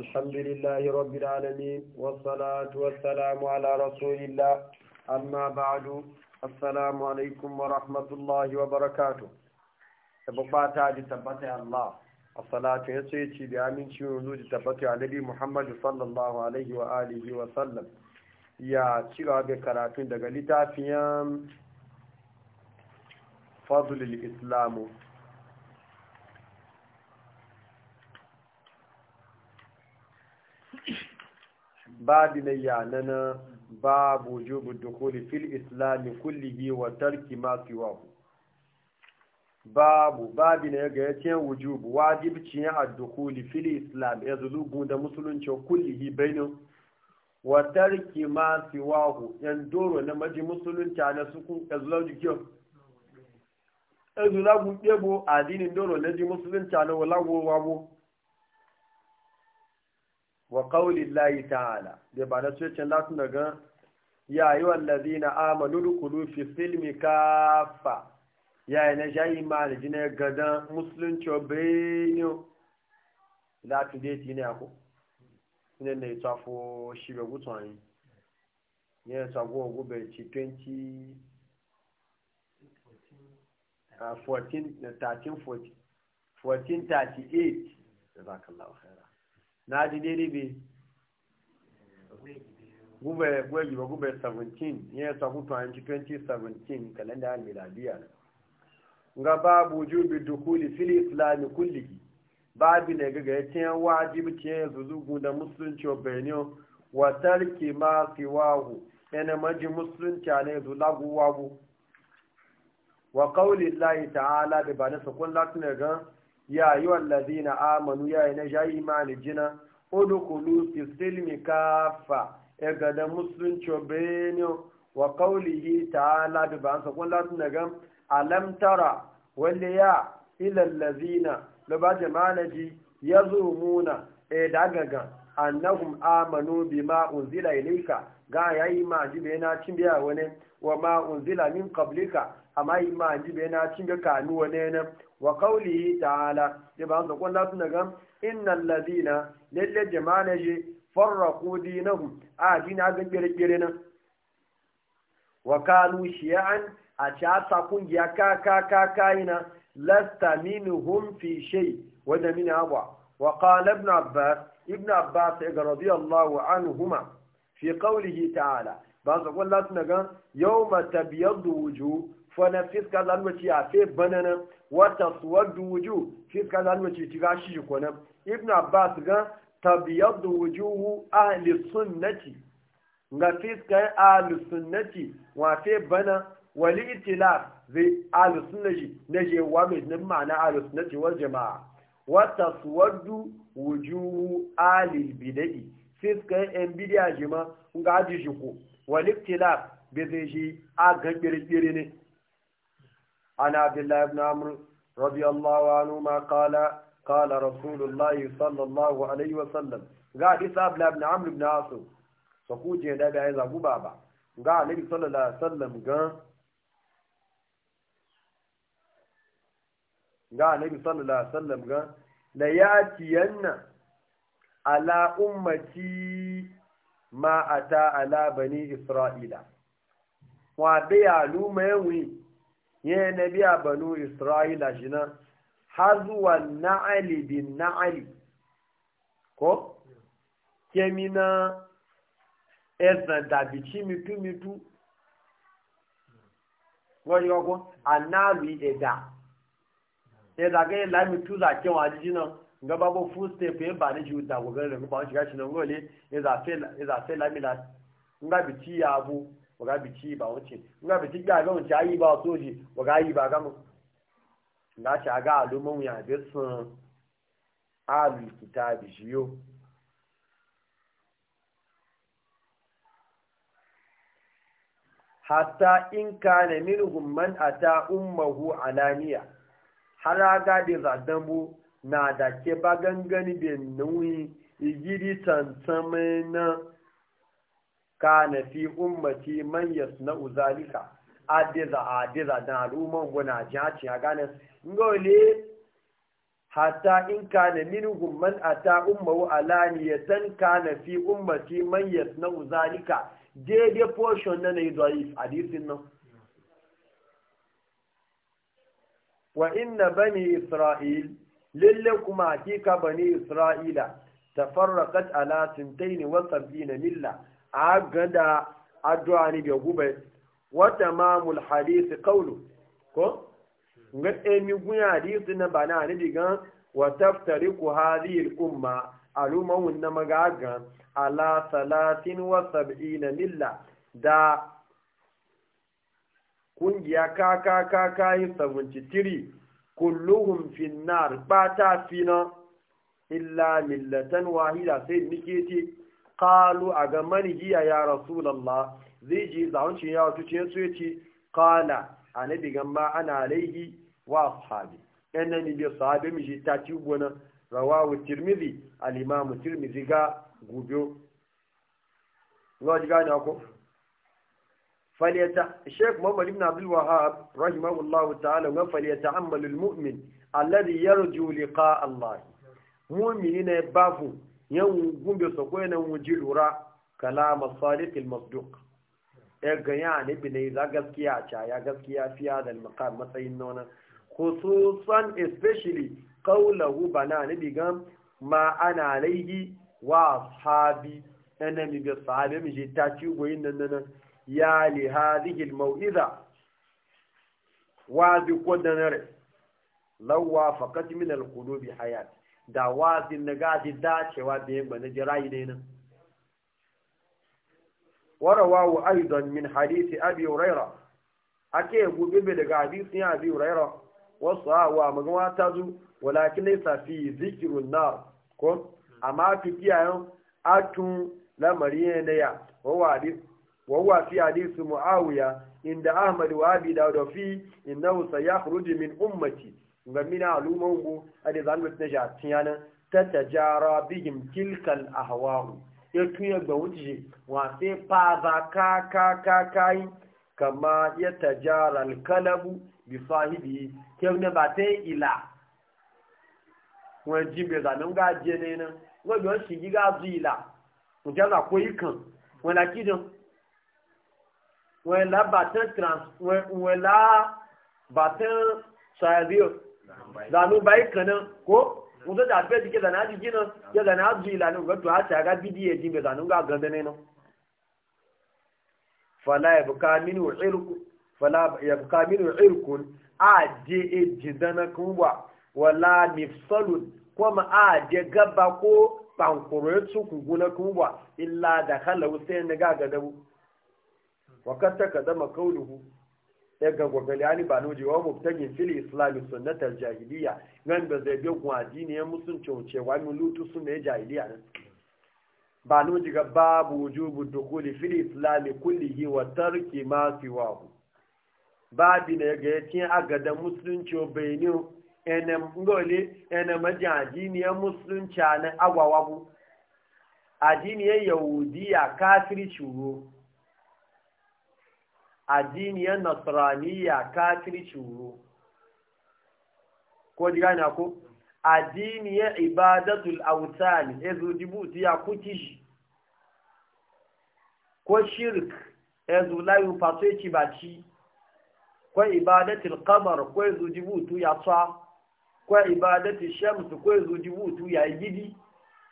الحمد لله رب العالمين والصلاة والسلام على رسول الله أما بعد السلام عليكم ورحمة الله وبركاته تبقى تبقى الله الصلاة يسيتي بأمين شنوز تبقى على محمد صلى الله عليه وآله وسلم يا شغاب كراتون دقلتا فيام فضل الإسلام babu na yanana babu jubu dukuli fil islami kullihi wa tarki ma siwahu babu babu na ga ya ce wujubu wajibcin ya addukuli fil islam ya zulubu da musulunci kullihi bainu wa tarki ma siwahu yan doro na maji musulunci na sukun ezulaji kiyo ke ɗebo adinin doro na ji musulunci na walawo wabo wa qaulillahi ta'ala da ba na cece latin daga ya ayyuhal ladina amanu dukulu fi silmi kafa ya ina jayi mal jina gadan musulunci bayinu latin dai ne ako ne ne ya ci 20 14 14 na ji daidai bi gube gube gube 17 ya sa hutu an ci 2017 kalenda miladiya na ga babu jubi dukuli fili islami kulliki babu ne ga ya ce wajibi ce zuzugu da musulunci obeniyo wa tarki ma ji yana maji musulunci ne zulagu wagu wa qawli llahi ta'ala da ba na sakon latin e ga ya yi wallazi na amanu ya yi na jayi imani jina udukulu fi silmi kafa ya gada musulunci benin wa kaulihi ta bi ba an sakon latin na alamtara wanda ya ya ilallazina da ba na ji ya zumuna e dagaga annahum amanu bima unzila ilayka ga yayi ma ji be na cin biya wani wa ma unzila min qablika amma yi ma ji be na cin ga kanu wani wa kaulihi ta'ala ya ba su kwalla suna gam innal ladina lalle jama'a farra ko dinahu a dina ga kirkire na wa kanu shi'an a cata ta kungiya ka ka ka kaina lasta minhum fi shai wa mini min wa ibn abbas ibn abbas radiyallahu anhuma fi qawlihi ta'ala ba su kwalla suna gam yawma tabyadu wujuh fana fiska zanwaci a sai banana wata suwaddu wuju fiska zanwaci ci ga shi kwanan ibn abbas ga da wujuhu ahli sunnati ga fiska ahli sunnati wa sai bana wali itilaf zai ahli sunnati na je wa mai nan ma'ana ahli sunnati wa jama'a wata suwaddu wujuhu ahli bidai fiska yan bidiya jima ga aji wali itilaf bai zai shi a ga ne عن عبد الله بن عمرو رضي الله عنهما قال قال رسول الله صلى الله عليه وسلم قال إسا عبد الله بن عمرو بن عاصم سقوجي هذا بعيز أبو بابا قال النبي صلى الله عليه وسلم قال قال النبي صلى الله عليه وسلم قال لياتين على أمتي ما أتى على بني إسرائيل وبيعلو ما يوين ya na biya banu isra'ila shi nan har zuwa na'ali bin na'ali ko kemi na ezan dabi ci mitu mitu wọ́n yọ kó anáàlú ẹ̀dà ẹ̀dà kẹ́yìn láìmí túzà kí wọ́n àjíjí náà nga ba bo full step e ba ne ju da go gare ko ba shi ga shi nan gole e za fe e za fe la mi la bi ti ya bu waga bici ba wuce nga bici ga ga wuce ayi ba soji waga yi ba gamu nga cha ga alumun ya bisun alu kitabi jiyo hatta in kana minhum man ata ummuhu alaniya haraga da zadambu na da ke gangani da nuni igiri na. kana fi ummati man yasna'u zalika adiza adiza da al'umman guna jaci a gane ngole hatta in kana minhum man ata ummu alaniyatan kana fi ummati man yasna'u zalika daidai portion na ne da'if hadisin nan wa inna bani isra'il lalle kuma hakika bani isra'ila tafarraqat ala 72 milla a ganda addu'a ni bi gube wata mamul hadisi kaulu ko ga emi gunya hadisi na bana ni diga wa taftariku hadhihi al-umma aluma wunna magaga ala sab'ina milla da kungiya ka ka yi tiri kulluhum fi nar ta fina illa millatan wahida sai nike ce kalu a ga manihiya ya rasulallah zai ji zaunci ya wato ce su yace kala a na digan ma ana alaihi wa sahabi yan nan ne sahabi mi shi ta ci gona rawawu tirmidhi al-imamu tirmidhi ga gubiyo lọ́jọ́ gani ako faliyata sheik muhammad ibn abdul wahab rahimahullahu ta'ala wa faliyata ammalul mu'min alladhi yarju liqa allah Muminina ne bafu yan gumbe su kwaye nan wuji lura kalama sadiqil masduq ya ganya annabi ne za gaskiya a caya gaskiya fiya da maqam matsayin nona khususan especially qawluhu bana na gam ma ana alaihi wa ashabi annabi bi sahabi mi je ta ci goyin nan nan ya li hadhihi al mau'iza wa bi qadanar law wafaqat min al qulubi hayat da wazin na gaji dacewa da yin na jira'i ne nan warawawu aidan min hadisi abi huraira ake gobe bai daga ya abi uraira wasu hawa magana ta zu walakin laisa fi zikirun nar ko amma fi kiyayen atun lamari ne ya wawa fi hadisi muawiya inda ahmad wa abi dawud fi innahu sayakhruju min ummati gamina mina alumman go ade zan mutne ja tiyana tatajara bihim tilkal ahwahu ya tuya ga wuce wa sai pa za ka ka ka kai kama ya tajara alkalabu bi sahibi kewne ba te ila wani jimbe za nan ga ne nan wani bi shi ga zu ila wọn jana ko ikan wọn la kidan wọn la batan trans wọn la batan zanu bai kanan ko mutum da alfai jike zana jiki nan ya zana zuwa ilanin gato a ta ga bidiyo ji mai zanun ga ganda ne nan fala ya buka minu irkun fala ya buka minu irkun a je e jidana kuwa wala mifsalun ma a je gaba ko bankuro su guna kuwa illa da halau sai na ga dabu wakar ta ka zama kauluhu daga gwagali ani ba nuji wa mubtagin fil islam sunnat al jahiliya nan da zai bi kuma addini ya musunci wuce wa mu lutu sunna jahiliya nan ba nuji ga babu wujubu dukuli fil islam kullihi wa tarki ma siwahu babi ne ga yake agadan musulunci bayinu enem ngole enem addini ya musulunci na agwawabu addini ya yahudiya kafiri shuru addiniyar nasraniya kafiri wuro ko ji gane ko addiniyar ibadatul autani dibuti ya kuki ko shirk ezulayu fatoci baci ko ibadatul kamar ko ezudibutu ya tsa ko ibadatul shamsu ko ezudibutu ya gidi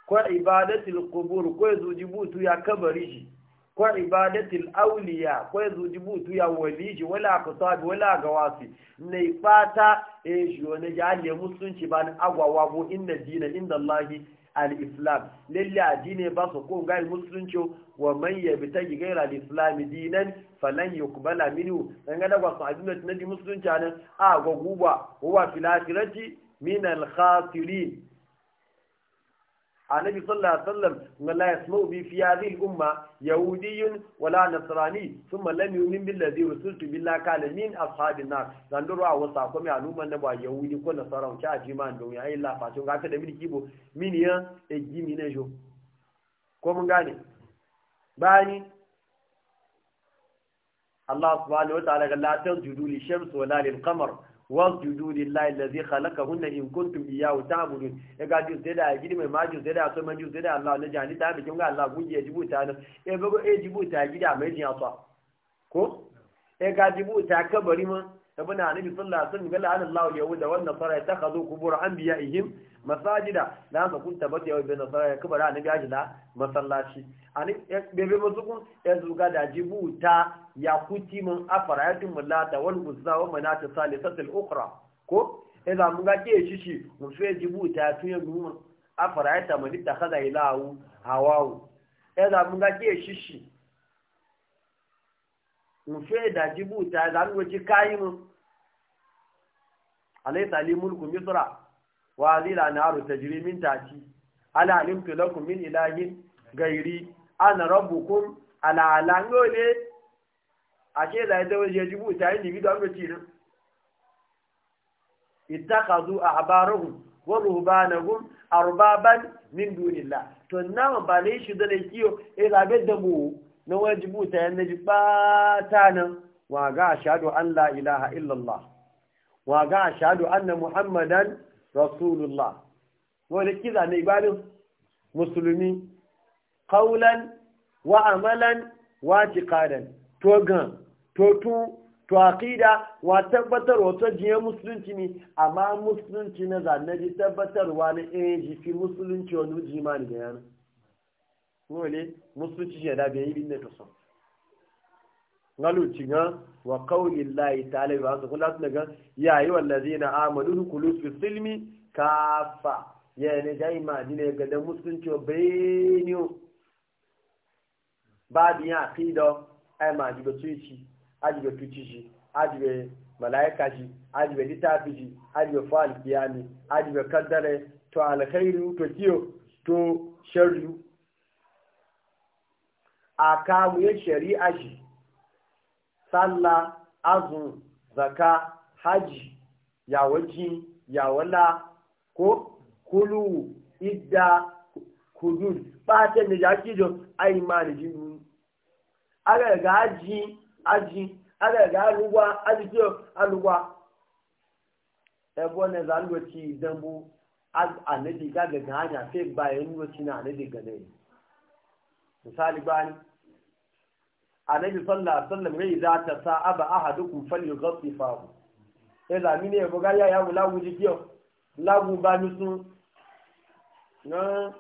ko ibadatul kubur ko ezudibutu ya kabari shi kwa ibadatil awliya ko tu ya waliji wala kutabi wala gawasi ne fata e eh, jiyo ne ya le musunci ban agwawa bo inna dina inda allahi al-islam lalle addini ba su ko ga musulunci wa man yabtaji ghayra al-islam dinan falan yuqbala minhu dan ga da su addini na di musulunci nan ah, a guba wa filakirati min al-khasirin annabi sallallahu alaihi wasallam la yasma'u bi fi hadhihi al-umma yahudiyyun wala nasrani thumma lam yu'min ladhi rusultu billahi kana min ashabin nar dan duro a wasa ko mi anuma na ba yahudi ko nasaran ka man don ya illa fa to ga ta da mini kibo mini ya e gimi ne jo ko mun gane bani Allah subhanahu wa ta'ala ga la tajudu li shams wala lil qamar wasjudu lillahi allazi khalaqahunna in kuntum iyyahu ta'budun e ga ju zeda gidi mai maju zeda so maju zeda Allah ne jani ta bi kinga Allah guje jibuta ne e ba go e jibuta gidi a mai jiya to ko e ga ta jibuta kabari ma ibn annabi sallallahu alaihi wasallam galla Allah yahuda wa nasara yatakhadhu qubur anbiya'ihim masajida na ka kun tabbata ta yau bin nasara ya kubara na gaji na masallaci ani bebe mazukun ya zuga da jibuta ya kuti mun afara ya tun mulata wal uzza wa manata salisatul ukhra ko idan mun ga ke shi shi mun sai jibuta tun ya mun afara ya tamani ta kada ilahu hawawu idan mun ga ke shi shi mun sai da jibuta zan wuce kayi mun alaysa li mulku misra wa na naru tajri min tati ala alimtu lakum min ilahin gairi ana rabbukum ala ala ngole ashe da da waje jibu ta individu an gaci rin ittakhadhu ahbarahum wa ruhbanahum arbaban min dunillah to na ba na yi shi da ne kiyo e da ga da mu na wajibu ta yan naji bata nan wa ga ashhadu an la ilaha illallah wa ga ashhadu anna muhammadan rasulullah wani kiza ne ìgbádùn musulmi kaulan wa amalan wa jikadan tó gan tó tu tó àkídá, wa tabbatar wa tó jiye musulunci ne amma musulunci na wa tabbatarwa na eji fi musulunci wani jimani da yana wani musulunci shi da bai yi bin da ta so ngalu cinga wa qawli llahi ta'ala wa su kula tun ga ya ayu allazina amanu kulu fi silmi kafa ya ne dai ma dine ga da musulunci bayinu ba bi ya aqida ai ma ji ba tuci aji ba tuci ji aji ba malaika ji aji ba litafi ji aji ba fa'al qiyami aji ba kaddare to alkhairu to kiyo to sharru mu ye shari'a ji sallah azụ zaka haji yawaji yawala ko kulu idda kudud pàtẹ́ nìjà kíjọ àìmáàlìjì mú arẹ̀gá ají ají arẹ̀gá alúwa ajíjọ alúwa ẹbọ́ nẹ̀zà ló ti ìdánwò ànẹ́dì gágẹ̀gẹ̀ àjà fẹ́ gba ẹnu e ló ti náà misali báyìí annabi sallallahu alaihi wasallam yayi za ta sa sa'aba ahadukum falyughaffifahu ila mini e boga ya ya wula wuji kiyo lagu ba nusu na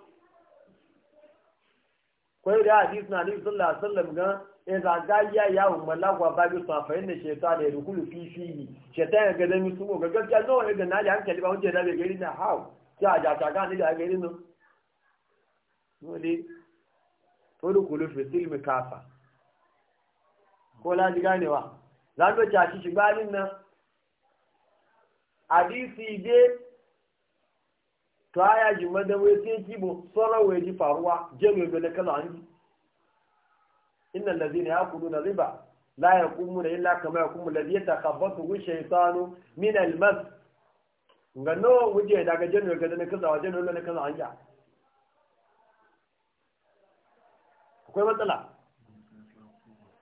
kwai da hadis na annabi sallallahu alaihi wasallam ga ila e ga ya ya umma lagu ba nusu fa inna shaytan ya dukulu fi fi shaytan ga da nusu ga gaskiya no e ga na ya hankali ba wanda da bai gari na hawo ja ja ta ga ni da gari no dole to dukulu fi silmi kafa ko laji ganewa za mu ci shi shigalin nan hadisi dai to aya ji madawai sai kibo sauran waye ji faruwa jami'a da na kala hanji inna allazina yaquluna riba la yaqumuna illa kama yaqumu allazi yatakhabbathu ash-shaytanu min al-mas ngano wuje daga jami'a ga na kaza wajen nan na kaza hanja akwai matsala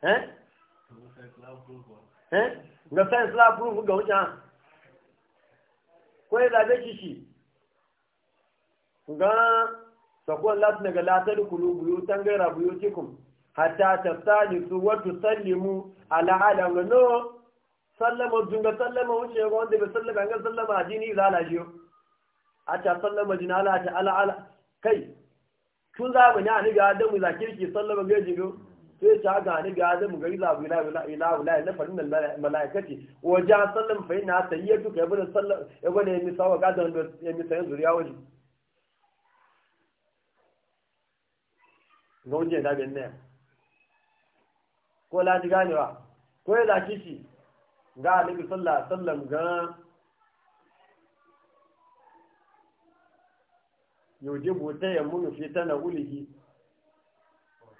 eh Eh? ga science lab proof ga wuce ko ya zabe shi shi ga sakon lati daga latar kulu buyu tangara buyu cikin hatta ta sani su wata sallimu ala ala ga no sallama dunga sallama wuce ga wanda bai sallama ga sallama a jini za a ta sallama jini ala ta ala ala kai tun zamani a ni ga adamu zakirki sallama gajin biyu sai ta ga ni ga zai mu gari zabu ila ila ila na farin malaikati ja sallan fa ina sayyidu ka ibn sallan gane yami sawa ga da ya sayan sayyidu ya waji gonje da bin ne ko la ji ganewa ko ya da shi ga annabi sallallahu alaihi wasallam ga yauje bota fi ta na ulihi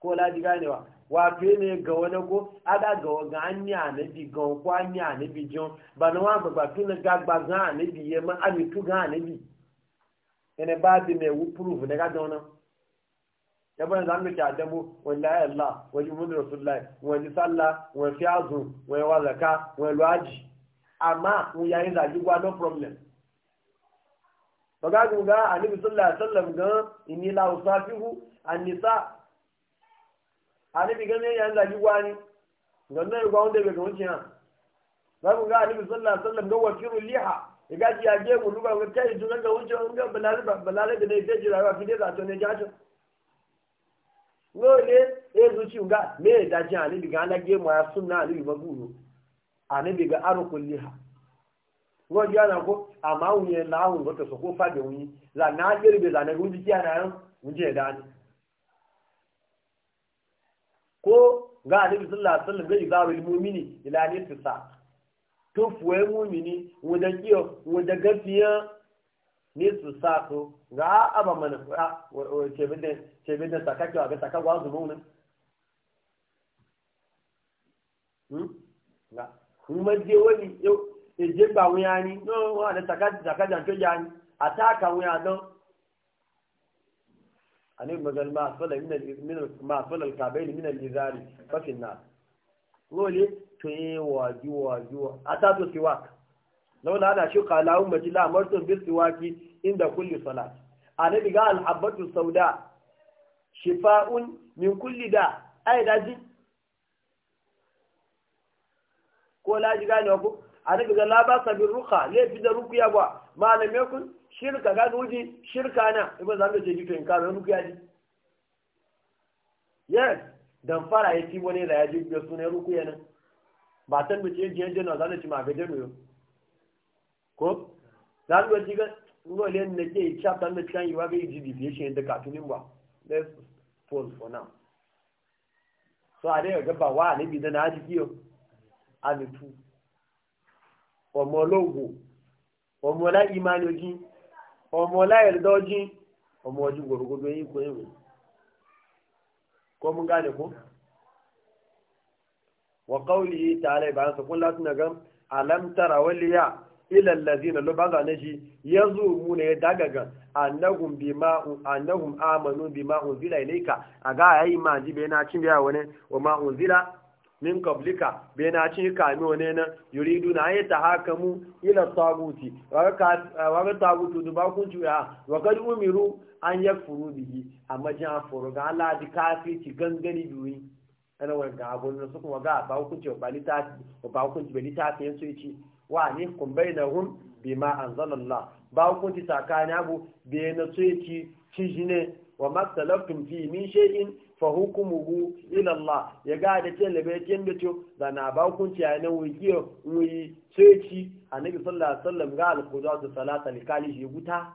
ko laji ganewa wato ne ga wani ko ada ga waga anya ne bi gan ko anya ne bi jon ba na wani gbagba tun ne gagba ne bi ye ma ani tu ga bi ene ba bi me wu proof ne ga dona ya ba zan mu ta damu wallahi allah wa jumu rasulullahi wa ji salla wa fi azu wa wa zaka wa luaji amma mu yayin yi ji gwa no problem ba ga ga annabi sallallahu alaihi wasallam ga inni la usafihu an-nisa anibi ganin yan zagi gwani gannan ya gwawon da bai gawon ciyan za mu ga anibi sallallahu sallam ga wakilun liha iga gaji ge mu luba ga kai junan ga wucin ga balare da ne ke jira ba fide za to ne jacin no ne e ci ga me da jin anibi ga na ge mu ya sunna anibi maguru anibi ga arukun liha wọ́n jẹ́ àná kó àmáhùn yẹn láhùn lọ́tọ̀ sọ kó ko ga annabi sallallahu alaihi wasallam ga izarul mu'mini ila nifsa to fuwe mu'mini wanda kiyo wanda gafiya ne su sa ko ga aba mana ce bidin ce bidin sakake ga saka gwa zumu nan hmm na ma je wani yau je ba wani no wa da saka saka jan to jan ataka wani don ani magal ma sala min al ma sala al kabayn min al izari fa fi nar wole to e waji waji atatu siwak laula ana shi qala ummati la amartu bis siwaki inda kulli salat ani diga al habatu sauda shifa'un min kulli da ay daji ko laji gane ko ani diga la ba sabir ruqa le fi da ruqiya ba malamai kun shirka ga guji shirka na ibo za mu je gito in karo ruku yaji yes dan fara ya ci wani da ya ji ga sunan ruku yana ba tan bi je je na za ci ma ga jeno ko za mu ji ga ngole ne ke cha tan da kan yiwa ga ji bi fiye shi da katunin ba let's pause for now so a dai ga ba wa ne bi da na ji kiyo a mutu ọmọ ológun ọmọlá ìmániojí ọmọlá ẹ̀rọdọ́jí ọmọ ọdún gbogbogbò yìí kò èrò kọmú gáàdì kú wọ̀kọ́wùlì yìí tààrà ìbára sọkún láti nàgán alamtara wọlé yá ilẹ̀ lẹ́sìn ló bá gbà níṣi yẹ́zù mú ní dágàgà annahum amanu bima unzila ilayka aga ayi ma jibe na cin biya wani unzila min kablika bai na ci kami wane nan yuridu na yi ta haka mu ila taguti waka tagutu duba kun cuya waka umiru an yi furu biyi a majin furu ga ala ji kafi ci gangani duri ana wani ga abu na suka kuma ga ba hukunci ba ci ba littafi yan sai ci wa ne kun bai na hun bi ma an zanallah ba hukunci tsakanin abu bai na sai ci ci shi ne wa maksalaftun fi min shay'in fahukumuhu hukumuhu ila Allah ya ga da ce labe tin da to da na ba hukunci a nan wuyi wuyi sai ci annabi sallallahu alaihi wasallam ga al-qudat salata kali shi guta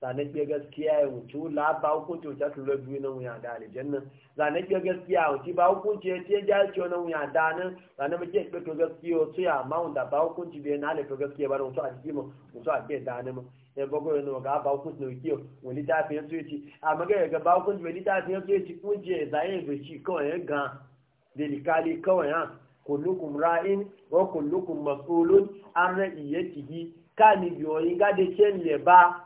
zanen ke gaskiya ya wuce la ba hukunci ta su rabu na wuya da aljanna zanen ke gaskiya ya wuce ba hukunci ya ce ya ci na wuya da nan zanen ba ke to gaskiya su ya ma wanda ba hukunci bai na to gaskiya ba na wasu a cikin mu wasu a ke da nan ya bago yana ga ba ku no kiyo wani ta fi yanzu yace a ga ga ba ku wani ta fi yanzu yace kun je da yin bici kawai ya ga delikali kawai ha kullukum ra'in wa kullukum mas'ulun an ka ni biyoyin ga de ni le ba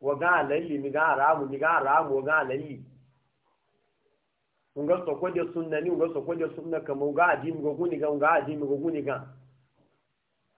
wa ga lalli mi ga ramu mi ga ramu ga lalli unga sokode sunna ni ga sokode sunna kama unga ajimi ga kuniga unga ajimi go kuniga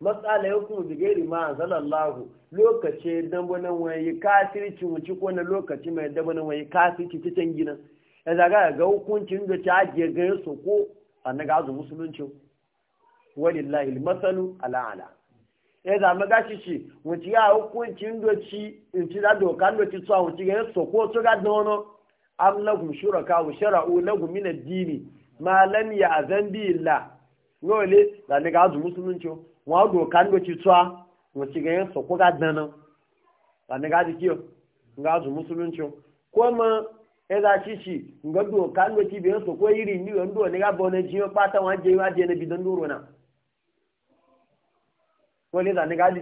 matsala ya kuma bigari rima a zalallahu lokaci dambanin wani kafirci wuce ko na lokaci mai dambanin wani kafirci can gina ya zaga ga hukuncin da ta ajiye gare su ko a na gazu musulunci walillahi masalu ala'ala ya zama gashi shi wuce ya hukuncin da ci in ci da doka da ci tsawon ci gare su ko su ga dono am lahum shuraka wa shara'u lahum min ad-dini ma lam azan bi la yole da ni gazu musulunci wọn gbò ka ló ti tó a wọn ti gẹ̀yẹ́ sọ̀kọ́ ká dáná lànàgá di kíọ̀ nga zùn mùsùlùmí kó mọ ẹ̀dá ṣíṣì nga gbò ká ló ti bẹ̀rẹ̀ sọ̀kọ́ yìí ní ìwọ̀n dùn nígbà bọ̀ ní jíyàn pátá wọn wọn di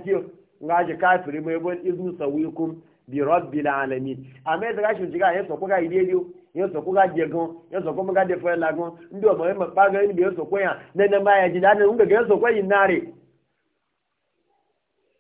kíọ̀ nga jẹ káfìrí mọ ẹbọn ìdún sọ̀wọ́ ikú bí rọ́bì làlẹ́mí àmọ́ ẹ̀dá ṣíṣì ká ga sọ̀kọ́ ká ìdí ẹ̀dí ga gan ọmọ ya ndị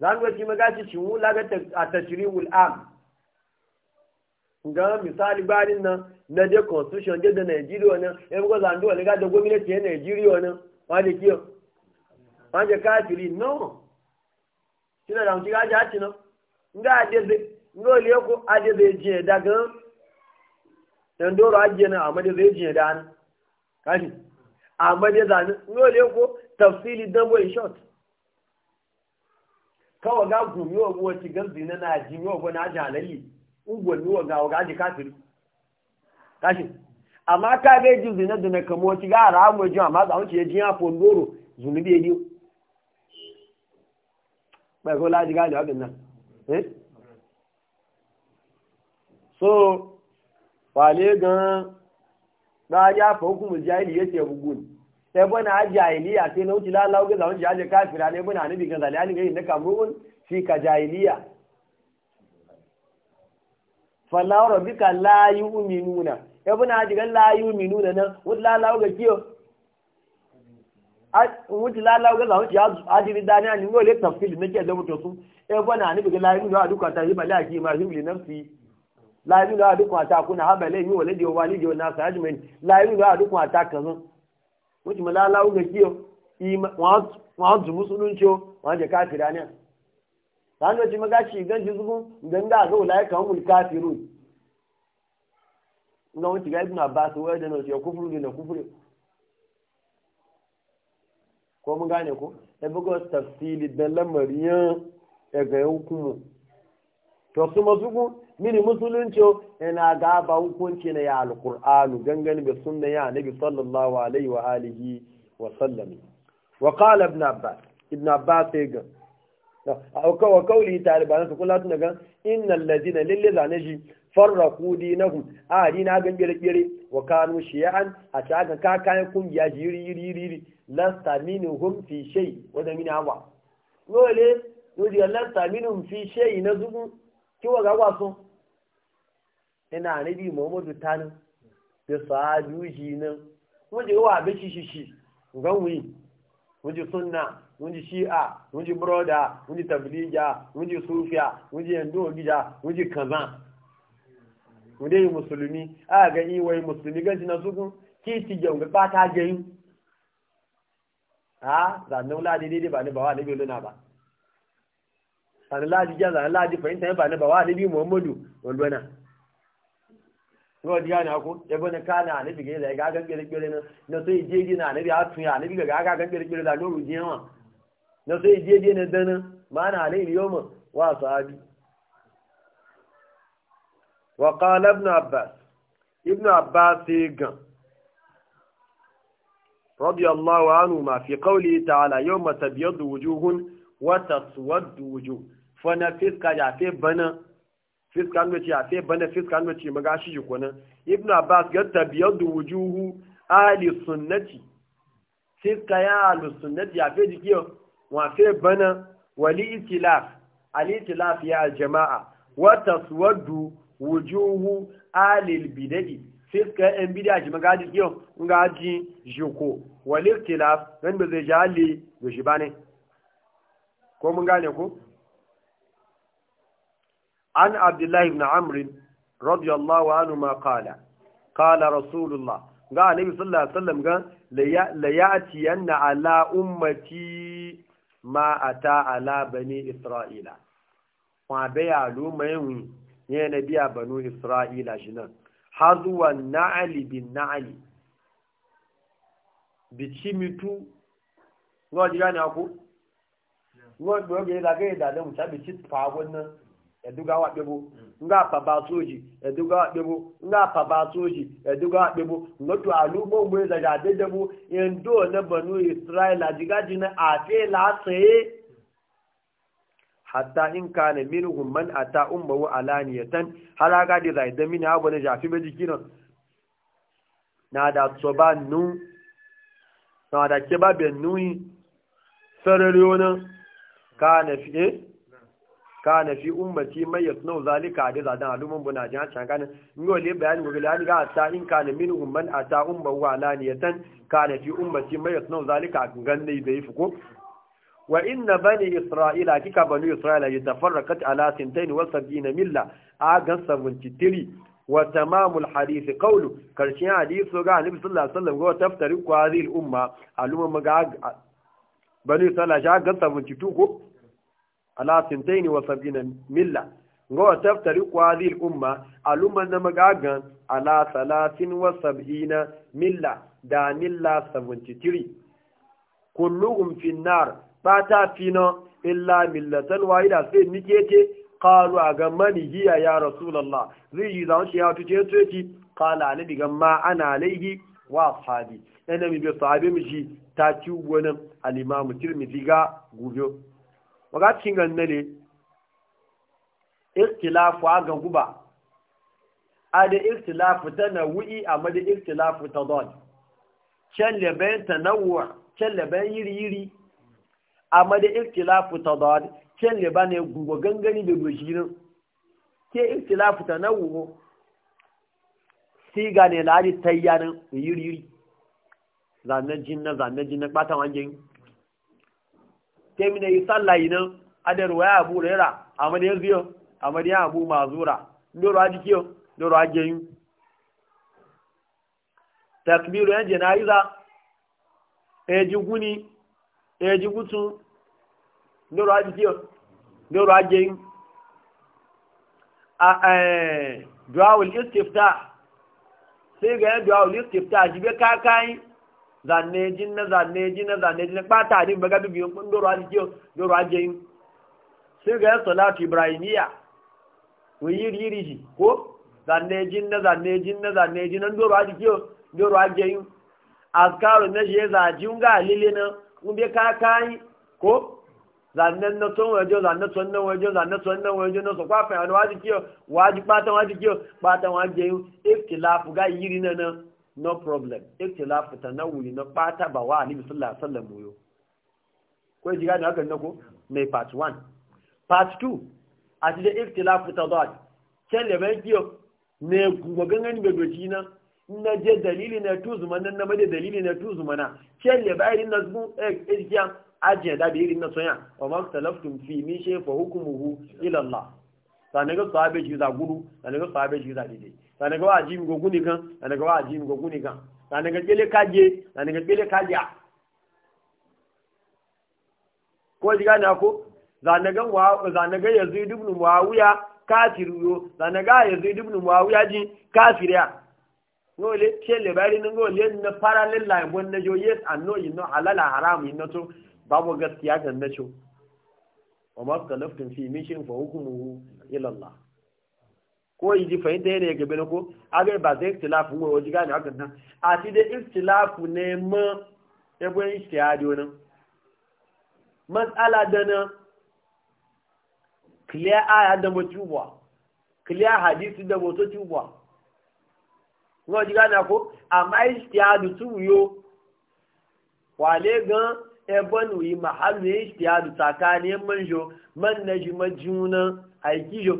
zanwaci magashi shiwu laga a tashiriwul am ga misali barin nan na je constitution je da nigeria nan ya buga zandu wani ga da gwamnati ya nigeria nan wani kiyo wani kafiri no suna da mutu gaji haci nan nga adeze nga ole ko adeze jiye da ga dan doro ajiye nan amma da zai jiye da nan kashi amma da zanen nga ko tafsili dambo in short kawai ga gumi wa buwa ci gamzi na na jimi wa buwa na ji halali ugwani wa ga waga ji kafiri kashi amma ka ga ji zina da na kamo ci ga ramu ji amma za wuce ji ya fondoro zunubi ya diyo bai ko laji gani wa nan eh so wale gan ba ya fa hukumu jahili yace bugun sai bana jahiliya sai na wuce lalawa ga zaman jaje kafira ne bana nabi ga zaliyani ga inda kamrun fi ka jahiliya falawa rabbika la yu'minuna ya bana ji ga la yu'minuna nan wuce lalawa ga kiyo wuce lalawa ga zaman jaje ajiri dani an ngo le tafsir ne ke da mutu su ya bana nabi ga la yu'minuna duka ta yi balaki ma zimli nafsi la yu'minuna duka ta kuna habale mi walidi wa walidi wa nasa ajmin la yu'minuna duka ta kazan wọ́n ti mọ̀ láláwó gẹ̀ kí o wọ́n tún musulunci o wọ́n jẹ káfìrí àníyàn láàrín ọjọ́ mẹ́gá ṣì gan jù zúgún gbẹ̀ngà àgbẹ̀wò láyé kan mú káfìrí o nga wọ́n ga ibùn na sọ wọ́n ẹ̀dẹ̀ náà ṣe ọkú fúru nínú kúfúrú kọ́ ebe gánà kó ẹgbẹ́gọ́ tafsili dán lámàríyàn ẹ̀gẹ̀ òkú mini musulunci yana gaba hukunci na ya alkur'anu gangani da sunna ya nabi sallallahu alaihi wa alihi wa sallam wa qala ibn abbas ibn abbas ya ga wa kauli taliban su kula tun daga innal ladina lil naji farraqu dinahum a dina gan gere gere wa kanu shi'an a ta ka kakayen kungiya jiri yiri yiri lasta minhum fi shay da mina wa dole dole lasta minhum fi shay na zugu kiwa ga wasu ina anabi muhammadu tanu da sahabi shi nan wanda yawa be shi shi shi ganwi wanda sunna wanda shi'a wanda broda wanda tablija wanda sufiya wanda yando gida wanda kaza wanda yi musulmi a ga yi wai musulmi ganci na sukun ki ti ga ba ta gayi ha ladi dai ba ne ba wa nabi luna ba sanin ladi ja sanin ladi fahimta ba ne ba wa nabi muhammadu walwana ruwa diya na ku ya bane anabi ga ya ga gan na na so na anabi a anabi ga da loru je ma na so je je na dana mana alayhi yawma wa sahabi wa qala ibn abbas ibn abbas ga radiyallahu anhu ma fi qawli ta'ala yawma tabyadu wujuhun wa taswaddu wujuh fa bana fiska no ci a fe bana fiska no ci maga shi ji kona ibnu abbas ga da wujuhu ahli sunnati fiska ya ahli sunnati a fe dikiyo wa fe bana wali itilaf ali itilaf ya jama'a wa taswaddu wujuhu ahli albidai fiska yan bidai ji maga dikiyo nga ji jiko wali itilaf ran ba zai jali ga shi bane ko mun gane ko an abdullahi ibn amr radiyallahu anhu ma qala qala rasulullah ga annabi sallallahu alaihi wasallam ga ala ummati ma ata ala bani isra'ila wa baya lumayin ne nabiya banu isra'ila jinan hazuwa na'ali bin na'ali ẹ̀dúgá wà pẹ́bó ńgá àpàbà sóòjì ẹ̀dúgá wà pẹ́bó ńgá àpàbà sóòjì ẹ̀dúgá wà pẹ́bó lótú àlúgbòǹgbò ìzàjà àdédébó ẹ̀ńdó ọ̀nẹ́bọ̀nú ìsírayìlà àdìgájì ní àfẹ́ làásẹ̀ ẹ́. hatta in kana minhum man ata ummuhu alaniyatan halaga di zaidan min abu ne jafi be jikina na da tsoba nu na da ke ba be nui sarariyo na kana fiye eh? kana fi ummati man yasnu zalika da zadan alumun buna jan can kana ngo le bayani go bilani ga ta in kana min umman ata umma wa laniyatan kana fi ummati man yasnu zalika gangan ne bai fuko ko wa inna bani isra'ila kika bani isra'ila yatafarraqat ala sabina milla aga 73 wa tamamul hadith qawlu karshen hadith ga nabi sallallahu alaihi wasallam go taftari qazil umma alumma ga bani isra'ila ga 72 ko ala sintaini wa sab'ina milla ngo taftari qadi al umma aluma na magagan ala salatin wa sab'ina milla da milla 73 kulluhum fi nar bata fino illa millatan wahida sai nikete qalu agamani hiya ya rasulullah zai da zan shi ya tuje tuje qala ali ga ma ana alaihi wa sahabi ina mi bi sahabi mi shi ta ci gonan al imam tirmidhi ga gujo waga cikin gannale ikhtilafu aga guba a da ikhtilafu a amma da ikhtilafu tadad can labayin tanawwu can labayin yiri-yiri amma da ikhtilafu tadad can ne gugu gangani da gushirin ke ikhtilafu tanawwu siga ne lari tayyanin yiri-yiri zanen jin na zanen jin na ɓatan wajen temina yi sallah yinan adar waya abu rera amadi yanzu yau amadi yan abu mazura ndoro a jikiyo ndoro a yin takbiru yan jenaiza eji eh, guni eji eh, gutu ndoro aji kiyo ndoro aji yin a eh du'a istifta sai ga yan ul istifta jibe kakayi zane jin na zane jin na zane jin ba ta ni baga bibiyo kun doro aji doro aji yin sai ga salatu ibrahimiya wi yiri yiri ji ko zane jin na zane jin na zane jin nan doro aji yo doro aji yin azkaru na je za junga lile na kun be ka kai ko zane na ton wajo zane ton na wajo zane ton na wajo na so kwa fa wani waji yo waji patan waji yo patan waji yin iftilafu ga yiri na na no problem ikhtilafu tanawwi na bata ba wa annabi sallallahu alaihi wasallam yo ko ji gani haka nako mai part 1 part 2 a cikin ikhtilafu tadad kelle bai giyo ne gogan gani be doji na na je dalili na tu zumana na made dalili na tu zumana kelle bai rin na zu ejiya ajiya da bi rin na wa ma talaftum fi min shay fa hukmuhu ila Allah sanin sahabe ji za gudu sanin sahabe ji za dide. wa tànàgà wà jí wa nìkan tànàgà wà jí gbogbo nìkan tànàgà gbélé kájé tànàgà gbélé kájà ko ji na ko zanagan wa zanagan yazid ibn muawiya kafiru yo zanaga yazid ibn muawiya ji kafiriya ngole ke le bari nan ngole na parallel line bon na jo yes and no you know halal haram you know to babu gaskiya ga na cho wa ma kalaftin fi mishin fa hukmuhu ila Allah ko yi ji fahimta yanayi gabe na ko agai ba zai istilafu mai waje gane hakan nan a ti dai istilafu ne ma ebe ishtihadi wani matsala da na kiliya aya da ba tubuwa kiliya hadisi da ba tubuwa wọ́n jí gánà kó àmá ìṣtíadù túwú yóò wà lé gan ẹbọ́nù ìmàhálù ìṣtíadù manjo man na ji majuna aiki àìkíyọ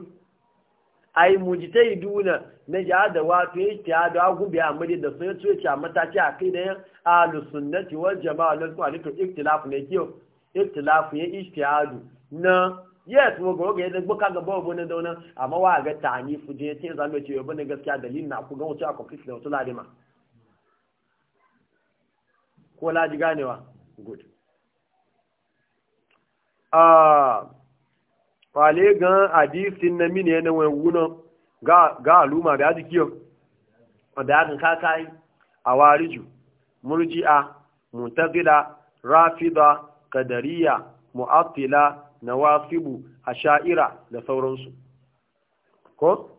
ai mujitai duna na jihada wato ya ce ya da gube a mudi da sun ce a mataci a kai da ahlus sunnati wal jama'a lil qalitu ikhtilafu ne kiyo ikhtilafu ya ijtihadu na yes mo go ga yadda buka ga babu nan dauna amma wa ga tani je ce zamu ce yo ne gaskiya dalilin na ku ga wuce a kofi da wato ladima ma ko laji ganewa good ah fale gan hadisin na mini yana wen wuna ga aluma da yaji kiyo da yakin kakai a wariju murji'a mutazila rafida kadariya mu'attila nawasibu asha'ira da sauransu ko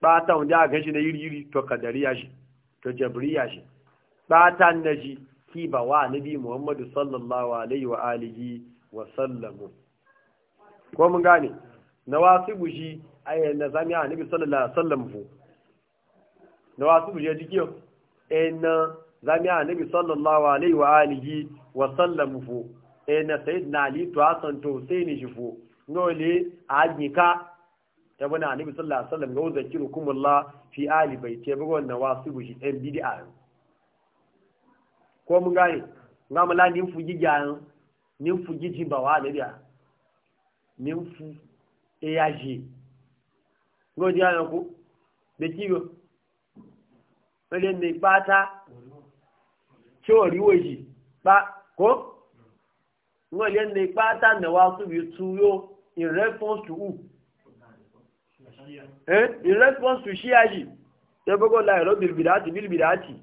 ta wanda a gashi na yiri-yiri to kadariya shi to jabriya shi ba na naji ki ba wa nabi muhammadu sallallahu alaihi wa alihi wa sallamu ko mun gane na wasu buji a yi na zami a nabi sallallahu alaihi wasallam fu na wasu buji a a e yi na zami a nabi sallallahu alaihi wa alihi wa sallam fu yi e na sayid na ali to hasan to sai ni shifu nole a ka ta bana a nabi sallallahu alaihi wasallam ga wuzar kiru kumulla fi ali bai ce bugu na wasu buji ɗan bidi'a ko mun gane nga mu la ni fuji gyan ni fuji jibawa ne alibiya ní ń fu ẹ̀yà betiyo. lójú àyànkú bẹ̀tíyọ ẹlẹ́ni pátá tí ò ríwò yìí pa kó wọ́n in response to who eh in response to ṣíyà yìí tẹ́gbẹ́gbẹ́ láìrọ́ bìlìbìláti bìlìbìláti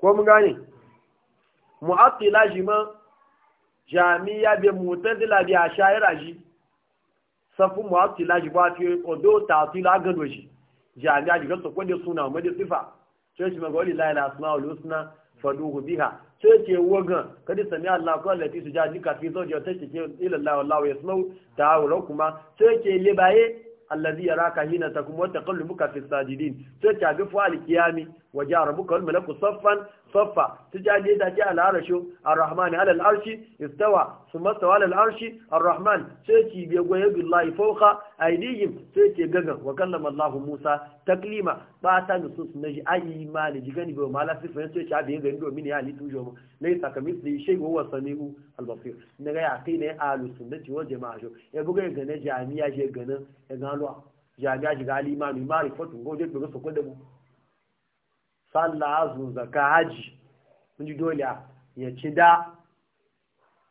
kó mú gánì mu jami'a bi mutazila bi ashayira ji safu mu'attila ji ba fi odo ta'tila gado ji jami'a ji gaso kwade suna mu da sifa sai shi maga la ilaha asma'ul husna faduhu biha sai ce wagan kadi sami Allah ko lati su ja dika fi zoje ta ce ila Allah wallahu yasma'u ta'awura kuma sai ce libaye alladhi yaraka hina takum wa taqallubuka fi sajidin sai ce bi fa'al qiyami wa ja rabbuka wal malaku saffan صفا تجاجي إذا جاء العرش الرحمن على العرش استوى ثم استوى على العرش الرحمن سيتي بيقوي الله فوق أيديهم سيتي جعل وكلم الله موسى تكليما باتا نصوص نجي أي ما نجي بيوم على سفر تجي عبيه غيره مني يعني توجهم ليس كمثل شيء وهو سميع البصير نجي عقينة آل السنة والجماعة يبقى جنا جامعة جنا جنا لوا جاجا جعل إيمان إيمان فتوه جد بقصة كده salla azu zaka haji kun ji dole ya ci da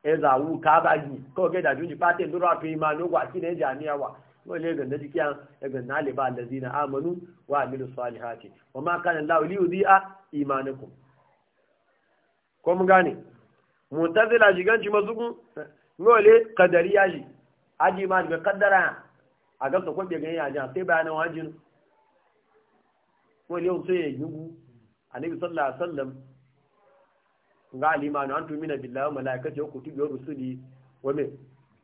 ya zawu ka bagi kawai kai da juji fata yin dura fi ma nogwa ki ne jami'a wa wale ganda jikiya ya ganda liba allazina amanu wa amilu salihati wa ma kana lahu li yudhi'a imanakum ko mun gane mu'tazila jiganci mazugun wale kadari yaji aji ma ga qaddara a ga to ko be ganin ya sai bayanan wajin wale yau sai ya yugu annabi sallallahu alaihi wasallam ga al'imanu an tumina billahi wa malaikatihi wa kutubihi wa rusulihi wa min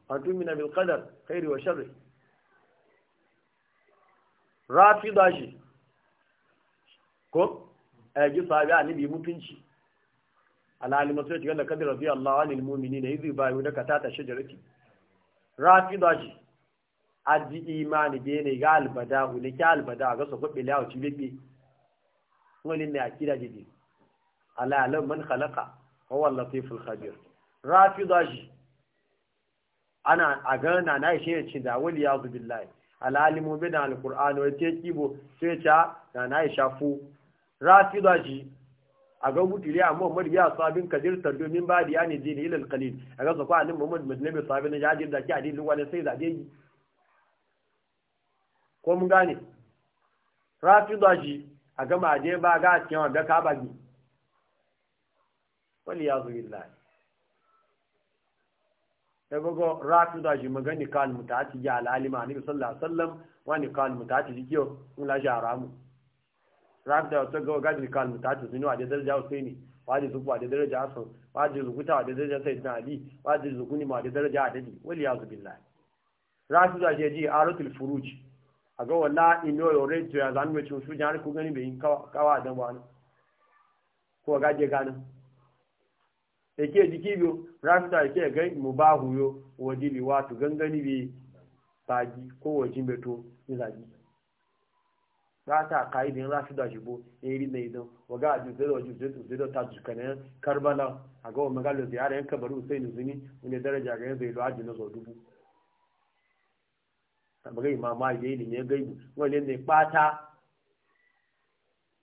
an tumina bil qadar khairi wa sharri rafida ko aji eh, sahabi annabi mutunci Alalima ya tigar da kadir rabbi Allah wani ilmomini na izu bayu da kata shajarati rafida shi imani bene ga albada ulike albada ga su lawo liya bebe wani ne akida jidi ala alam man khalaqa huwa latiful khabir rafida shi ana a gana na shi ne cin da wali ya zubi lai alalimu bin alkur'ani wani te kibo sai ta ah, na na ya shafu rafida shi a ga mutuli a muhammadu ya sabin kadir ta domin ba da ya ne jini ilal kalil a ga zakwa alim muhammadu madinabi sabin na jajir da ke adilin wani sai zaɓe yi ko mun gane rafida shi a gama je ba ga cikin wanda ka bagi wani ya zuwi lai ta gogo ratu da shi magani kan mutaci ya alalima ne sallallahu alaihi wasallam wani kan ji jikiyo mun la shara ramu ratu da ta gogo gadi kan mutaci a da daraja usaini wadi zuwa da daraja hasan wadi zukuta da daraja sayyidina ali wadi zukuni ma da daraja adadi wali ya zubi lai ratu da ya ji aratul furuji a ga wala ino yo rejo ya zanu cin su jan ku gani bai kawa da wani ko ga gaje gani yake jiki biyo rafta yake ga mu ba huyo wadi bi wato gangani bi taji ko wajin beto ni zaji za ta kaidin rafida jibo eri ne idan waga a jizai da wajen zai da ta jikanen karbala a ga wa magalar ziyarar yan kabaru sai nuzuni wani daraja ga yanzu ilu aji na zo dubu tabari ma ma yi ilimi gaibu Wani ne pata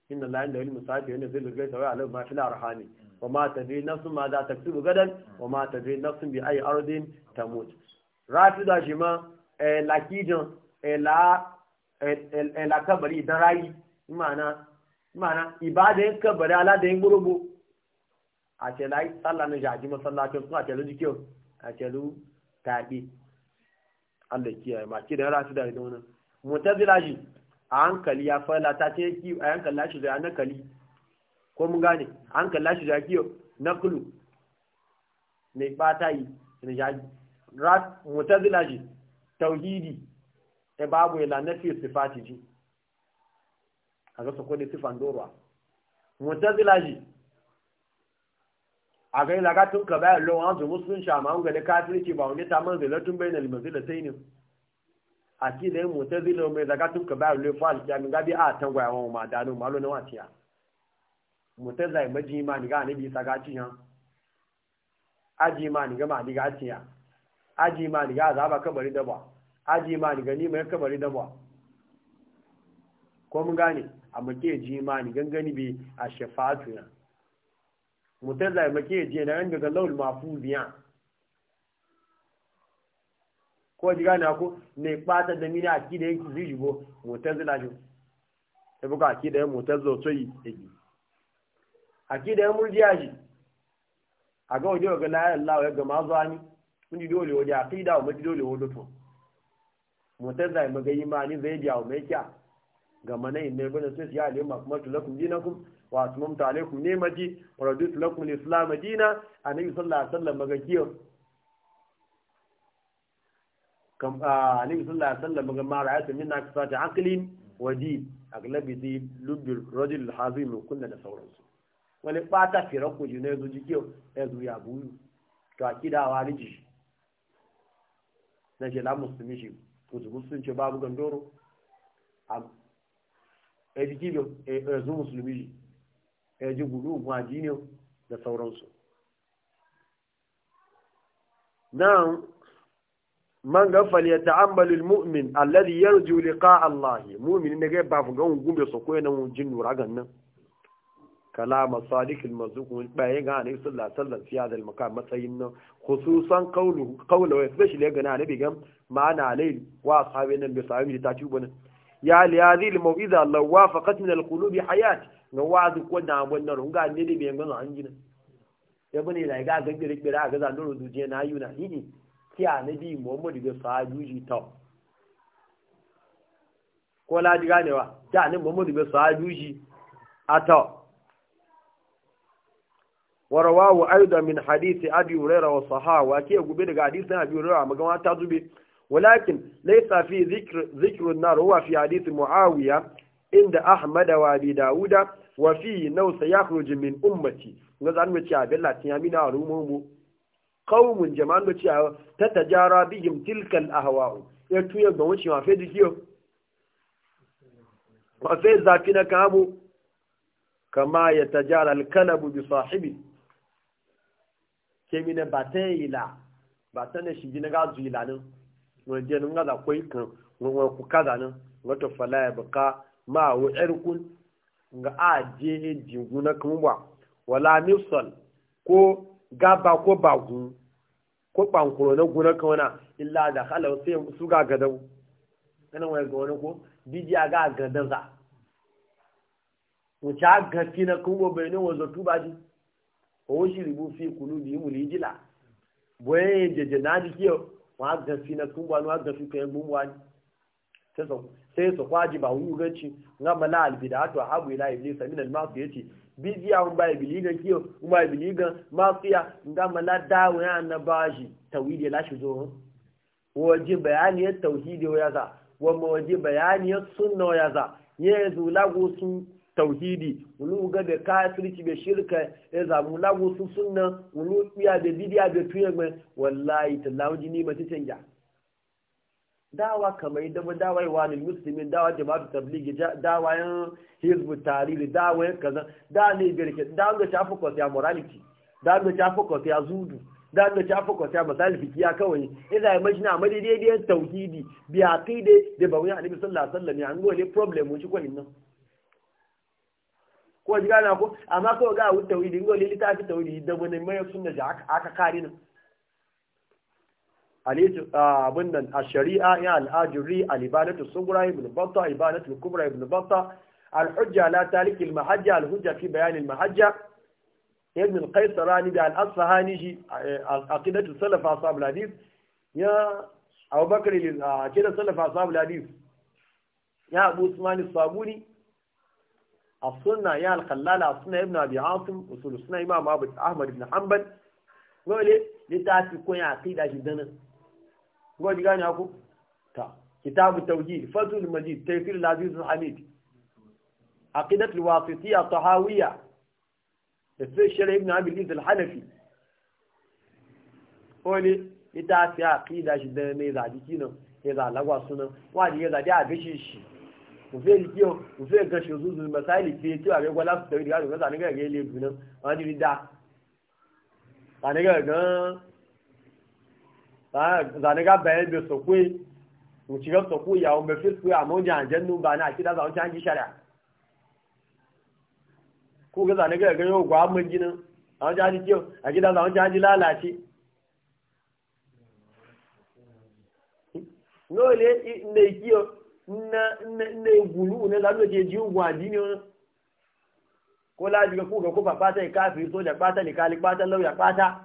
Yin da ilaha illa musafi yana zai lura a ala ma fil arhami wa ma ta zai nafsu ma za ta tsibu gadan wa ma ta zai nafsu bi ay ardin rafi rafida shi ma eh lakidan eh, eh, eh, eh kabari dan rayi imana ibada yin kabari ala da yin gurugu a ce lai tsalla na jaji masallacin su a ce lu dikiyo a ce lu tabi Allah kiyaye ma ki da rasu da idan mutazila ji a hankali ya fara ta ce ki a hankali lashi da hankali ko mun gane a hankali lashi da kiyo naklu ne ta yi ne ya ras mutazila ji tauhidi e babu ila nafi sifati ji a ga su ko ne sifan dorwa mutazila ji a kai laga tun ka bayan an su musulun shama an gani kafirci ba wani taman zilatun bai na limanzu da sai ne a ci da yin mota zilo mai laga tun ka bayan lawan fa'al kyamin gabi a tan gwaya wani madanu malo na ya mota zai maji ma ni ga ni bisa ci ya aji ma ni ga ma ni ga ya aji ma ni ga ba kabari da ba aji ma ni ga ni mai kabari da ba ko mun gane a muke ji ma ni gangani bi a shafa'atu na mutar make je na daga laul mafuziya ko ji gane ko ne kpata da mina aki da yanki zai shigo mutar zila shi ta buka aki da yan mutar zo so yi yake aki da yan murjiya shi a ga waje ga layar lawa ga mazuwa ni kun ji dole waje aki da wa mafi dole wadoto mutar da magayi ma ni zai biya wa mai kya ga mana inna ibn sus ya alim makmatu lakum dinakum wa atmamtu alaykum ni'mati wa raditu lakum al-islam dina annabi sallallahu alaihi wasallam ga kiyo kam annabi sallallahu alaihi wasallam ga mara'atu minna kifati aqlin wa din aglabi di lubbi rajul hazim kunna da sauransu wani fata firaku ji ne zuji kiyo ya zu ya buyu to akida waliji na jela musulmi shi sun ce babu gandoro ebi kibiyo yanzu e, e, musulmi ji ya ji gudu ma jiniyo da sauransu nan man gafal ya ta'ammalul mu'min alladhi yarju liqa Allah mu'min ne ga ba fu ga gumbe so ko nan jin nura gan nan kalama sadiq al mazuk mun baye ga ne sallallahu alaihi fi hadal makam matsayin nan khususan qawlu qawlu especially ga na nabi gam ma'ana alai wa ashabi nan bi sahabi ta tubu nan ya li hadhihi al mau'iza law wafaqat min al qulubi hayat na wa'azi ko da wannan runga ne da biyan gano an gina ya bane da ga ga gire gire ga zan doro duje na yuna hihi ki a annabi muhammadu ga sahajuji ta ko la ji ganewa da annabi muhammadu ga sahajuji ata ورواه أيضا من wa أبي هريرة وصحاه وأكيد قبل abi أبي هريرة ta zube ولكن ليس في ذكر ذكر النار هو في حديث معاوية عند أحمد وأبي داود وفي نو سيخرج من أمتي نزعل وتشا بلا تيامين أرومهم قوم جمال وتشا تتجارى بهم تلك الأهواء يتويا بوشي ما في ديو ما في ذاكنا كابو كما يتجارى الكلب بصاحبه كمين باتين إلى باتين شجنا قاعد زيلانه wani jiyar nga za kwai kan wani ku kaza nan wato fala ya baka ma wa irkun ga a je jingu na kan ba wala misal ko gaba ko bagu ko bankuro na guna kan wana illa da halau sai su ga gadau kana wani ga wani ko bidiya ga gadan za wuce gafi na kuma bai ne wanzu tuba ji o shi ribu fi kulu biyu mu lijila boye jeje na ji kiyo wa gafi na kun gwanu wa gafi kayan gumwa ne sai su kwaji ba wuyu ganci na mala albida to habu ila iblis min al masu yace bidiya un ba biligan kiyo un ba biligan mafiya ga mala dawo ya annabaji tawhidi la shi zo waje bayaniyar tauhidi ya za wa waje bayaniyar sunna ya za ya zulago sun tauhidi wulu ga da kafirci be shirka ya e zamu lagu su sunna wulu biya da bidiya da tuye mai wallahi tallahu jini mata canja dawa kamar da ba dawa wa ne muslimin dawa jama'atu tabligi dawa yan hizbu tarihi dawa yan kaza da ne birke da ga ta focus ya morality da ga ta focus ya zudu da ga ta focus ya misali fikiya kawai ina imagine amma tauhidi biya kai da da bawai annabi sallallahu alaihi wasallam ya an gole problem mu shi ko innan ko ji gana ko amma ko ga wu tawhidi ngo lili ta fi tawhidi da bane mai sunna da aka kare ni alayhi abun nan ash-shari'a ya al-ajri al-ibadatu sughra ibn batta ibadatu kubra ibn batta al-hujja la talik al-mahajja al-hujja fi bayan al-mahajja ibn al qaisrani bi al-asfahani ji aqidatu salaf ashab al-hadith ya abubakar lil aqidatu salaf ashab al-hadith ya abu usman as-sabuni السنة يا الخلالة السنة ابن أبي عاصم وصول السنة إمام أبو أحمد بن حنبل قولي لتعرف كون عقيدة جدا قولي قاني أكو تا كتاب التوجيه فتو المجيد تيسير العزيز الحميد عقيدة الواسطية الطحاوية السيد الشرع ابن أبي الإيد الحنفي قولي لتعرف يا عقيدة جدا إذا عدي كينا إذا لقوا السنة وعلي إذا دي عبشي الشيء òfé ìlú kíọ̀ òfé nǹkan ṣe òṣooṣù mẹ́sáìlì fi etí àrẹ wọlé àtúntò ìdíkà lóko sàníkà gẹ́gẹ́ lè dùn náà wọ́n ti rí dáa sàníkà gan sàníkà bẹ̀rẹ̀ bẹ sọ pé òṣìṣẹ́ sọ pé ìyàwó bẹ fi pé àmọ́ oúnjẹ àjẹ́ nù bá náà àti dáadáa oúnjẹ àjẹ́ ṣàrà kó gẹ́ sàníkà gẹ́gẹ́ yóò gbọ́ àmọ́ jiná àwọn oúnjẹ àjẹ́ kíọ̀ àti dáadáa oúnjẹ àjẹ́ lálàáṣí. lóòlé ilé ìkíọ̀ nne egwulu ne la nne ji ugwu adini ona ko la ji ko ko papa ta ka fi so da pata ni e e kali pata lawya pata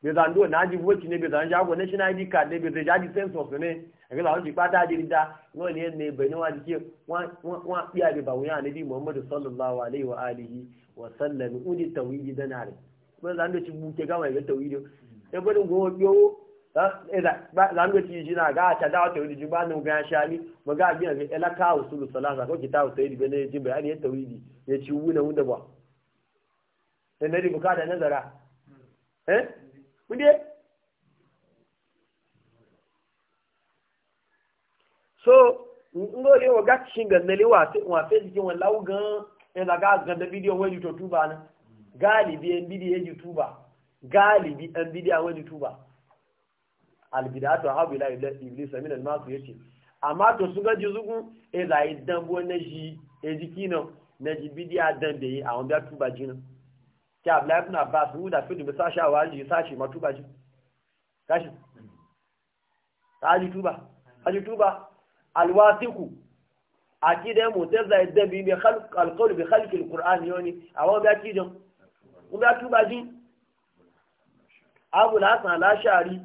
be zan do na ji voti ne be zan jago national id card ne be zan jadi census ne ake e la ji pata di da no ne ne be no wa ji wa wa biya be ba wuya ne bi muhammadu sallallahu alaihi wa alihi wa sallam udi tawhid dan are be zan do ci buke ga mai ga tawhid e bodin go yo zango eh, ga ji na ga ta da ta wuri ba nan ga shani mu ga biyan ga elaka usul salasa ko kita usul bi ne jin bayani ya tawidi ya ci wuna wunda ba sai ne da nazara eh mun dai so ngo yo ga gatshin ga nale wa sai wa sai jikin wallahu eh, ga e da ga ga da video wa youtube na galibi en bidiyo youtube galibi en bidiyo wa youtube albidatu habu ila iblis min almasu yace amma to sun gaji zugu e za yi dambo na ji e eh, na na ji bidiya dan da yi a wanda tuba jina ki abla ibn abbas mu da fidu sashi a wali sashi ma tuba ji kashi kaji tuba kaji tuba alwasiku akidan mutazza idan bi khalq alqawl bi khalq alquran yoni awon da kidan mun da tuba ji abul hasan al-ashari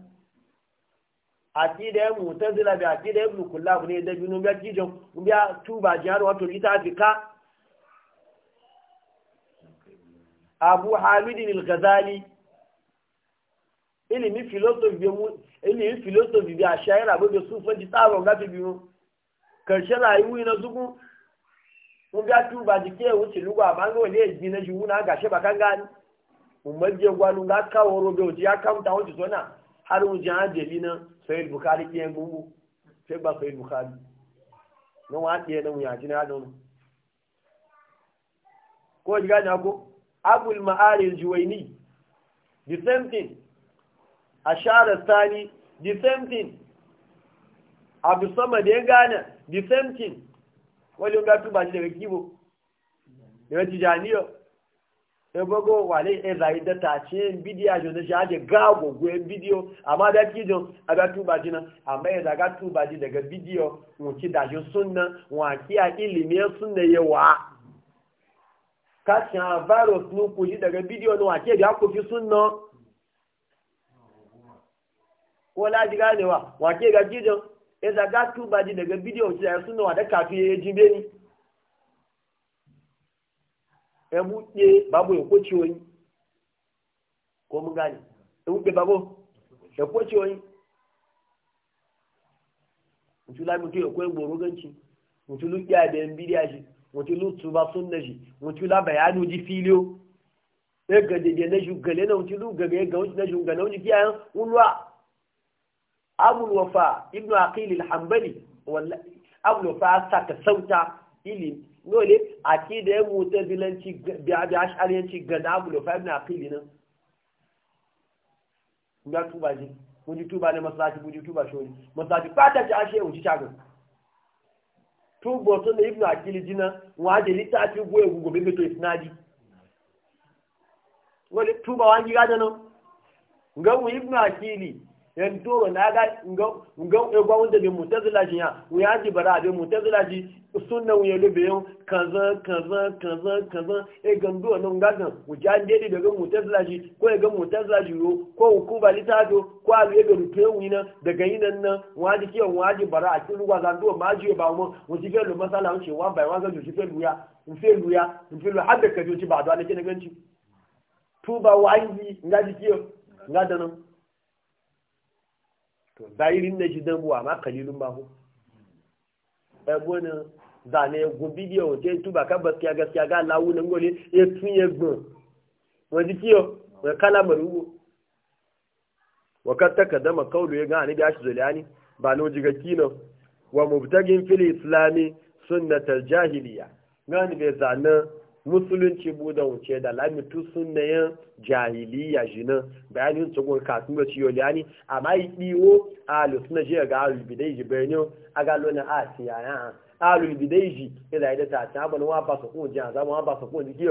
akida ya mutazila bi akida ya ibn kullab ne da binu ga gijon biya tuba jihar wato litafi ka abu hamidin al-ghazali ilimi philosophy bi mu ilimi philosophy bi ashaira bo be sufa ji taro ga bi mu karshe rayuwa ina zugu mun ga tuba ji ke wuce lugu amma ga ne ji na ji wuna ga she bakan gani mun maje ga kawo robe wuce ya kamta wuce sona har wuce an jeli na sai bukari ke bubu sai ba sai bukari na wani na wuya jina da wani ko shiga da ko abul ma'ari juwaini the same thing ashara sani the same thing abu sama da ya gane the same thing wani ga ba shi daga kibo daga tijaniyo ebogo wale eza ida ta ce bidiyo jo da shaje gago gwe bidiyo amma da kijo aga baji na, amma eza ga tuba ji daga bidiyo mu ci da jo sunna wa kiya ilimi sunna wa? ka sha virus nu ku ji daga bidiyo no wa ke ga ku fi sunna ko la ji ganewa wa ke ga kijo eza ga tuba ji daga bidiyo ci da sunna wa da kafi jibe ni ya buɗe babu ya kwace wani ko mun gane ya buɗe babu ya kwace wani mutu lami mutu ya kwaye goro ganci mutu lukiya da yan bidiya shi mutu lutu ba sun na shi mutu la bayanu ji filiyo ya gajeje na shi gale na mutu lu gaga ya ga wuce na shi gane wuce kiyayen ulwa abul wafa ibnu aqil al-hanbali wallahi abul wafa ka sauta ilimi nole da ya mutu bilanci biya ashariyanci ga dabulu fa na aqili nan ga tuba ji mun tuba ne masaji mun ji tuba shori masaji fata ta ashe mun ci shago tubo to ne ibn akili jina wa je litafi goye gugo bebe to isnadi Wani tuba wangi ga nan ga mu ibn akili. yan doro na ga ngan egwa wanda bai mutazila ji ya wuya ji bara bai mutazila ji sunna wuya lobe yau kaza kaza kaza kaza e gan doro nan ga gan wuja dede daga mutazila ji ko e gan mutazila ji yo ko hukuma litado ko alu e gan tuwe wina daga yinan nan waji ke waji bara a cikin ruwa zan doro ma ji ba mu mu ji gelo masala mu ce wan bai wan ga ju fe luya mu fe luya mu fe luya hadda ka ju ci ba da ne ke ganci tuba wangi ngaji kiyo ngadanan to zahirin na shi buwa ma kalilun ba ku ẹgbọ́n zane egun bidiyo tí ń túbà gaskiya gaskiya ga lawu na ngoli ya tun ya gbọn wọn di kiyo wọn kala maruwo wa kan takaddama qawlu ya ga ni da shi zulani ba no jiga kino wa mubtagin fili islami sunnatal jahiliya gani bai zanan musulunci buda wuce da lamitu sunayen jahiliya jina bayanin tsogon kafin da ciyo liyani amma ɗiwo a lusuna jiya ga alubidai ji bayanin agalo na a ya alubidai ji ila ida ta ta bani wa ba su kun ji a zama wa ba su kun ji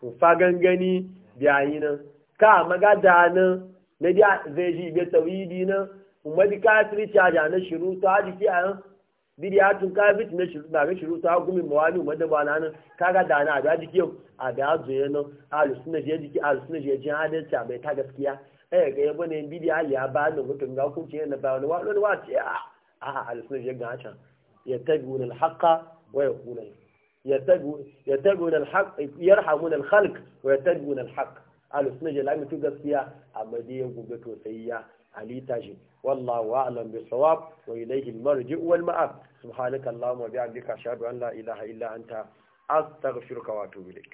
ku fa gangani biyayi nan ka magada nan na zai ji bai tawidi nan umar kafirci a jana shiru ta jiki a tun ka bit na shiru da ga shiru ta gumi mawani da ba na nan kaga da na da yau a ga azuye nan alu sunna je jike alu sunna je jin da ta bai ta gaskiya eh ga yabo ne bidiya ya ba da mutum ga ku ce na ba wani wani wa ce a ah, a ah, ah, alu sunna je ga can yattabi'una al-haqqa wa ya yattabi'una al-haqq yarhamuna al-khalq wa ya al-haqq haka sunna je la lamitu gaskiya amma dai gobe to sai ya halitta shi wallahu a'lam bisawab wa ilayhi al-marji'u wal ma'ab subhanaka allahumma wa bihamdika ashhadu an la ilaha illa anta astaghfiruka wa atubu ilayk